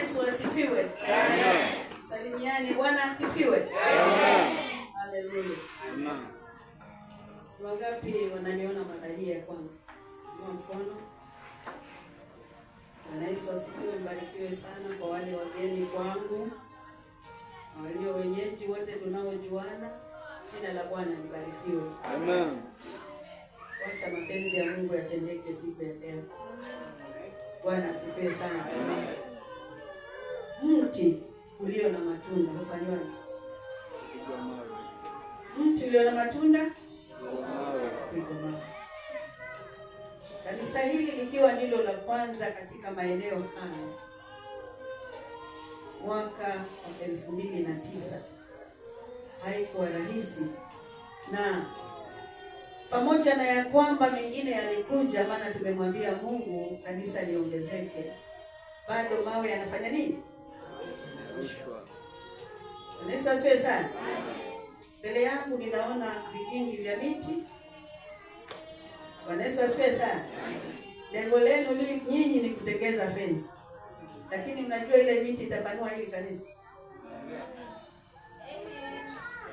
Yesu asifiwe. Amen. Salimiani, Bwana asifiwe. Amen. Haleluya. Amen. Wangapi wananiona mara hii ya kwanza? Kwa mkono. Bwana Yesu asifiwe, mbarikiwe sana kwa wale wageni kwangu. Walio wenyeji wote tunaojuana, jina la Bwana libarikiwe. Amen. Wacha mapenzi ya Mungu yatendeke siku ya leo. Bwana asifiwe sana. Amen mti ulio na matunda ufanywaje? Mti ulio na matunda pigwa mawe. Kanisa hili likiwa ndilo la kwanza katika maeneo haya mwaka wa elfu mbili na tisa haikuwa rahisi, na pamoja na ya kwamba mengine yalikuja, maana tumemwambia Mungu kanisa liongezeke, bado mawe yanafanya nini? rushwa. Yesu asifiwe sana. Mbele yangu ninaona vikingi vya miti. Bwana Yesu asifiwe sana. Lengo lenu nyinyi ni kutengeza fence, lakini mnajua ile miti itapanua hili kanisa,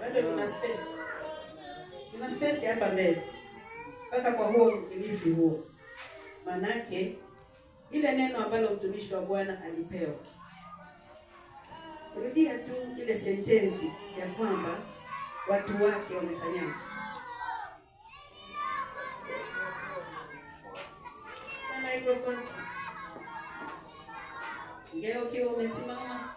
bado tuna space, tuna space hapa mbele mpaka kwa huo mkilifi huo, manake ile neno ambalo mtumishi wa Bwana alipewa rudia tu ile sentensi ya kwamba watu wake wamefanyaje. Ngeo ukiwa umesimama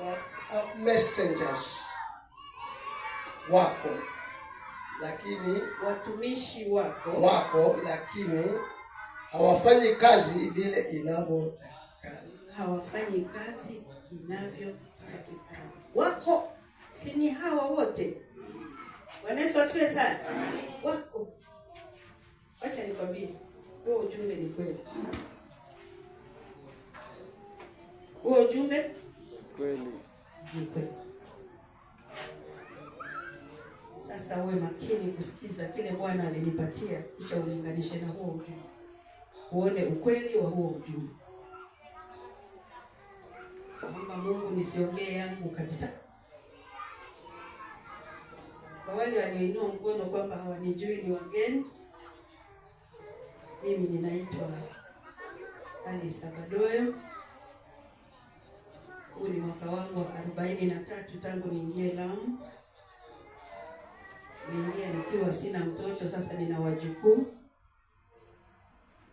uh, uh, messengers wako lakini watumishi wako wako lakini hawafanyi kazi vile inavyotakikana, hawafanyi kazi inavyotakikana. Wako si ni hawa wote, Bwana Yesu asifiwe sana. Wako, wacha nikwambie, huo ujumbe ni kweli, huo ujumbe kweli ni kweli. Sasa uwe makini kusikiza kile Bwana alinipatia, kisha ulinganishe na huo ujumbe uone ukweli wa huo ujumbe. Naomba Mungu nisiongee yangu kabisa. Kwa wale walioinua mkono kwamba hawanijui ni wageni, mimi ninaitwa Alice Abadoyo. Huu ni mwaka wangu wa arobaini na tatu tangu niingie Lamu. Niingie nikiwa sina mtoto, sasa nina wajukuu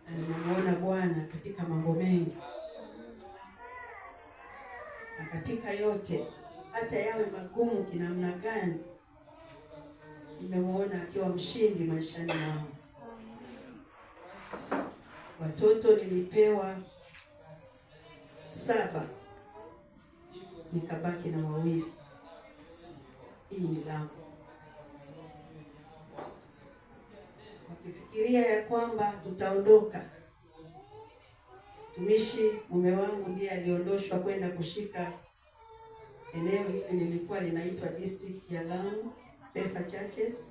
na nimemwona Bwana katika mambo mengi, na katika yote, hata yawe magumu kinamna gani, nimemwona akiwa mshindi maishani mwangu. Watoto nilipewa saba nikabaki na wawili. Hii ni langu. kufikiria ya kwamba tutaondoka. Mtumishi mume wangu ndiye aliondoshwa kwenda kushika eneo hili, lilikuwa linaitwa district ya Lamu Befa Churches,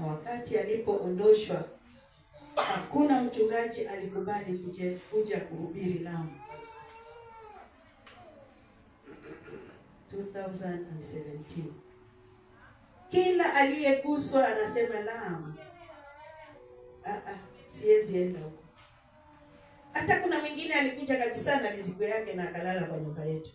na wakati alipoondoshwa hakuna mchungaji alikubali kuja, kuja kuhubiri Lamu 2017. Kila aliyeguswa anasema Lamu Ah, ah, siwezi enda huko. Hata kuna mwingine alikuja kabisa na mizigo yake na akalala kwa nyumba yetu,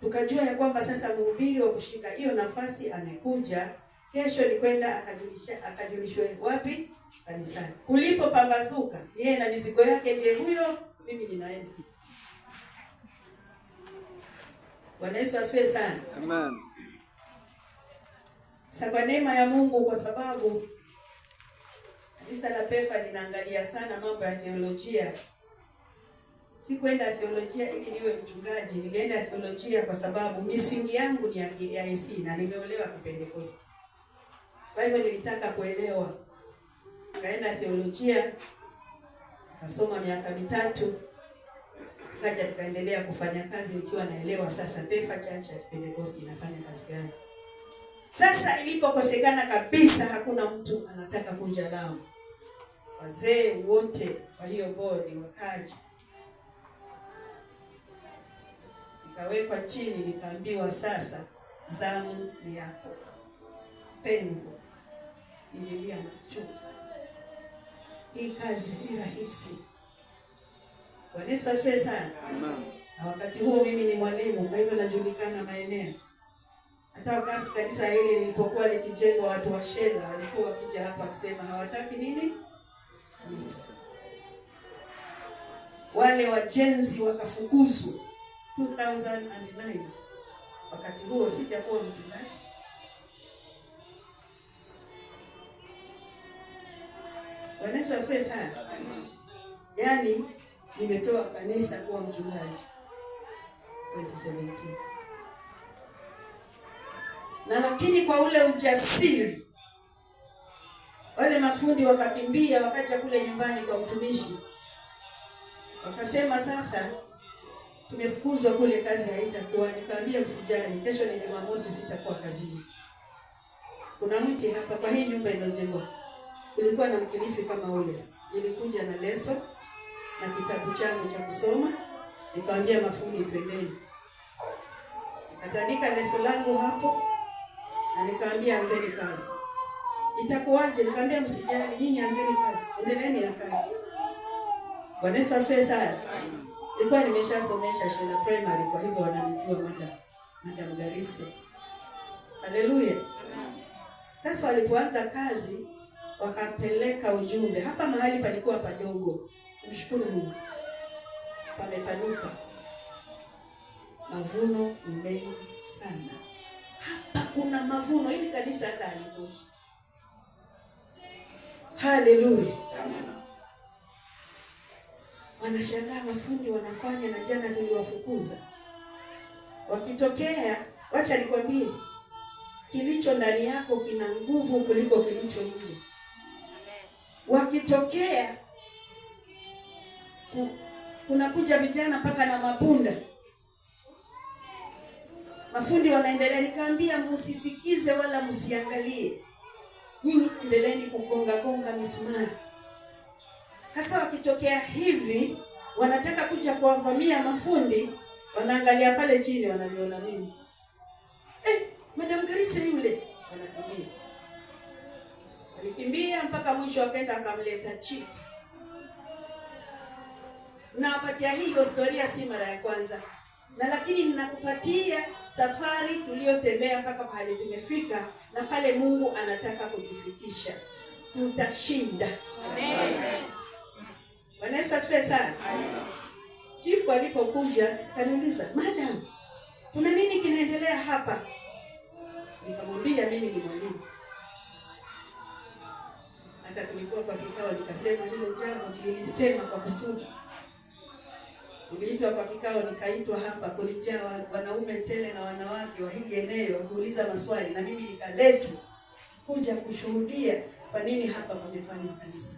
tukajua ya kwamba sasa mhubiri wa kushika hiyo nafasi amekuja. Kesho ni kwenda akajulisha, akajulishwe wapi? Kanisani. pambazuka yeye na mizigo yake, ndiye huyo, mimi ninaenda. Bwana Yesu asifiwe sana. Amen. Sa, kwa neema ya Mungu, kwa sababu Kanisa la PEFA linaangalia sana mambo ya theolojia. Sikuenda theolojia ili niwe mchungaji, nilienda theolojia kwa sababu misingi yangu ni ya EAC na nimeolewa Kipentekoste. Kwa hivyo nilitaka kuelewa, nikaenda theolojia, nikasoma miaka mitatu, nikaja nikaendelea kufanya kazi nikiwa naelewa sasa PEFA Church ya Kipentekoste inafanya kazi gani. Sasa ilipokosekana kabisa, hakuna mtu anataka kuja lao wazee wote wa hiyo bodi wakaja, nikawekwa chini, nikaambiwa sasa zamu ni yako Pengo. Nililia machozi, hii kazi si rahisi. Bwana Yesu asifiwe sana. Na wakati huo mimi ni mwalimu, kwa hivyo najulikana maeneo hata wakati kanisa hili lilipokuwa likijengwa, watu wa Shela walikuwa wakija hapa kusema hawataki nini kanisa. Wale wajenzi wakafukuzwa 2009 wakati huo sijakuwa mchungaji. Wanesu Yesu sana. Yaani nimetoa kanisa kuwa mchungaji 2017 na lakini kwa ule ujasiri wale mafundi wakakimbia, wakaja kule nyumbani kwa mtumishi, wakasema sasa tumefukuzwa kule, kazi haitakuwa. nikaambia msijali, kesho ni Jumamosi, sitakuwa kazini. Kuna mti hapa kwa hii nyumba inayojengwa, kulikuwa na mkilifi kama ule. Nilikuja na leso na kitabu changu cha kusoma, nikaambia mafundi, twendeni. Nikatandika leso langu hapo na nikaambia, anzeni kazi itakuwaje? Nikamwambia msijali, nyinyi anzeni kazi, endeleeni na kazi. Bwana Yesu asifiwe sana. Nilikuwa nimeshasomesha shule primary, kwa hivyo wananijua mada mada Mgarisi. Haleluya. Sasa walipoanza kazi wakapeleka ujumbe hapa, mahali palikuwa padogo, mshukuru Mungu pamepanuka, mavuno ni mengi sana hapa, kuna mavuno. ili kanisa hata halitoshi Haleluya. Wanashangaa mafundi wanafanya, na jana niliwafukuza wakitokea. Wacha nikwambie, kilicho ndani yako kina nguvu kuliko kilicho nje. Wakitokea kunakuja vijana mpaka na mapunda, mafundi wanaendelea. Nikaambia, msisikize wala msiangalie nyinyi endeleni kugonga gonga misumari. Hasa wakitokea hivi wanataka kuja kuwavamia mafundi, wanaangalia pale chini, wananiona mimi eh, madam Karisa yule, wanakimbia. Walikimbia mpaka mwisho, wakaenda akamleta chief, na wapatia hiyo historia, si mara ya kwanza na lakini ninakupatia safari tuliyotembea mpaka pale tumefika na pale Mungu anataka kutufikisha. Tutashinda. Amen. Chifu alipokuja kaniuliza, madam, kuna nini kinaendelea hapa? Nikamwambia mimi ni mwalimu hata tulikuwa kwa kikao, nikasema hilo jambo nilisema kwa kusudi Tuliitwa kwa kikao, nikaitwa hapa, kulijaa wanaume tele na wanawake wa hili eneo wakiuliza maswali, na mimi nikaletwa kuja kushuhudia kwa nini hapa pamefanywa kanisa.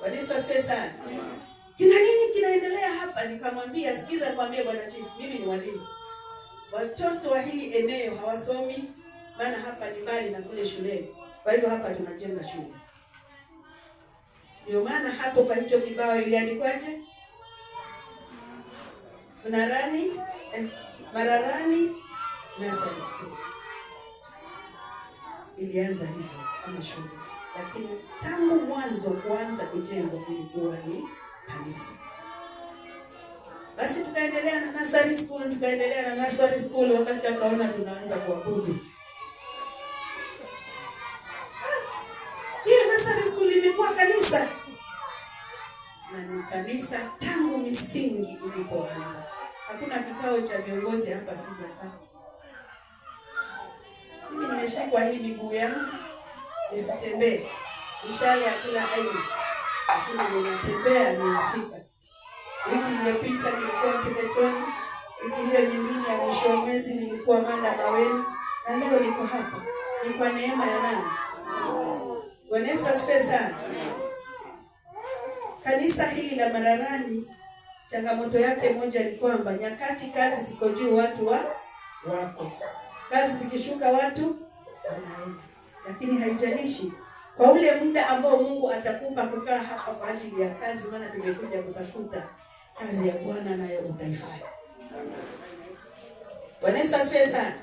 Bwana asifiwe sana. Kina nini kinaendelea hapa? Nikamwambia, sikiza, nikwambie bwana chief, mimi ni mwalimu, watoto wa hili eneo hawasomi, maana hapa ni mbali na kule shuleni, kwa hivyo hapa tunajenga shule. Ndio maana hapo kwa hicho kibao iliandikwaje? Mararani, eh, Mararani Nursery School. Ilianza hivyo kama shule, lakini tangu mwanzo kuanza kujengwa kulikuwa ni kanisa. Basi tukaendelea na nursery school, tukaendelea na nursery school, wakati akaona tunaanza kuabudu. Ah, hiyo nursery school imekuwa kanisa na ni kanisa misingi ilipoanza. Hakuna kikao cha viongozi hapa sijakaa. Mimi nimeshikwa hii miguu yangu nisitembee, mishale ya kila aina, lakini ninatembea, nimefika. Wiki iliyopita nilikuwa Mpeketoni, wiki hiyo nyingine ya mwisho wa mwezi nilikuwa Manda Mandamaweni, na leo niko hapa. Ni kwa neema ya nani? Bwana Yesu asifiwe sana. Kanisa hili la Mararani Changamoto yake moja ni kwamba nyakati kazi ziko juu, watu wa wako kazi zikishuka, watu wanaenda, lakini haijalishi kwa ule muda ambao Mungu atakupa kukaa hapa kwa ajili ya kazi, maana tumekuja kutafuta kazi ya Bwana, nayo utaifanya. Bwana Yesu asifiwe sana.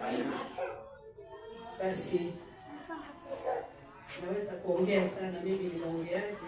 Basi naweza kuongea sana, mimi ni mwongeaji.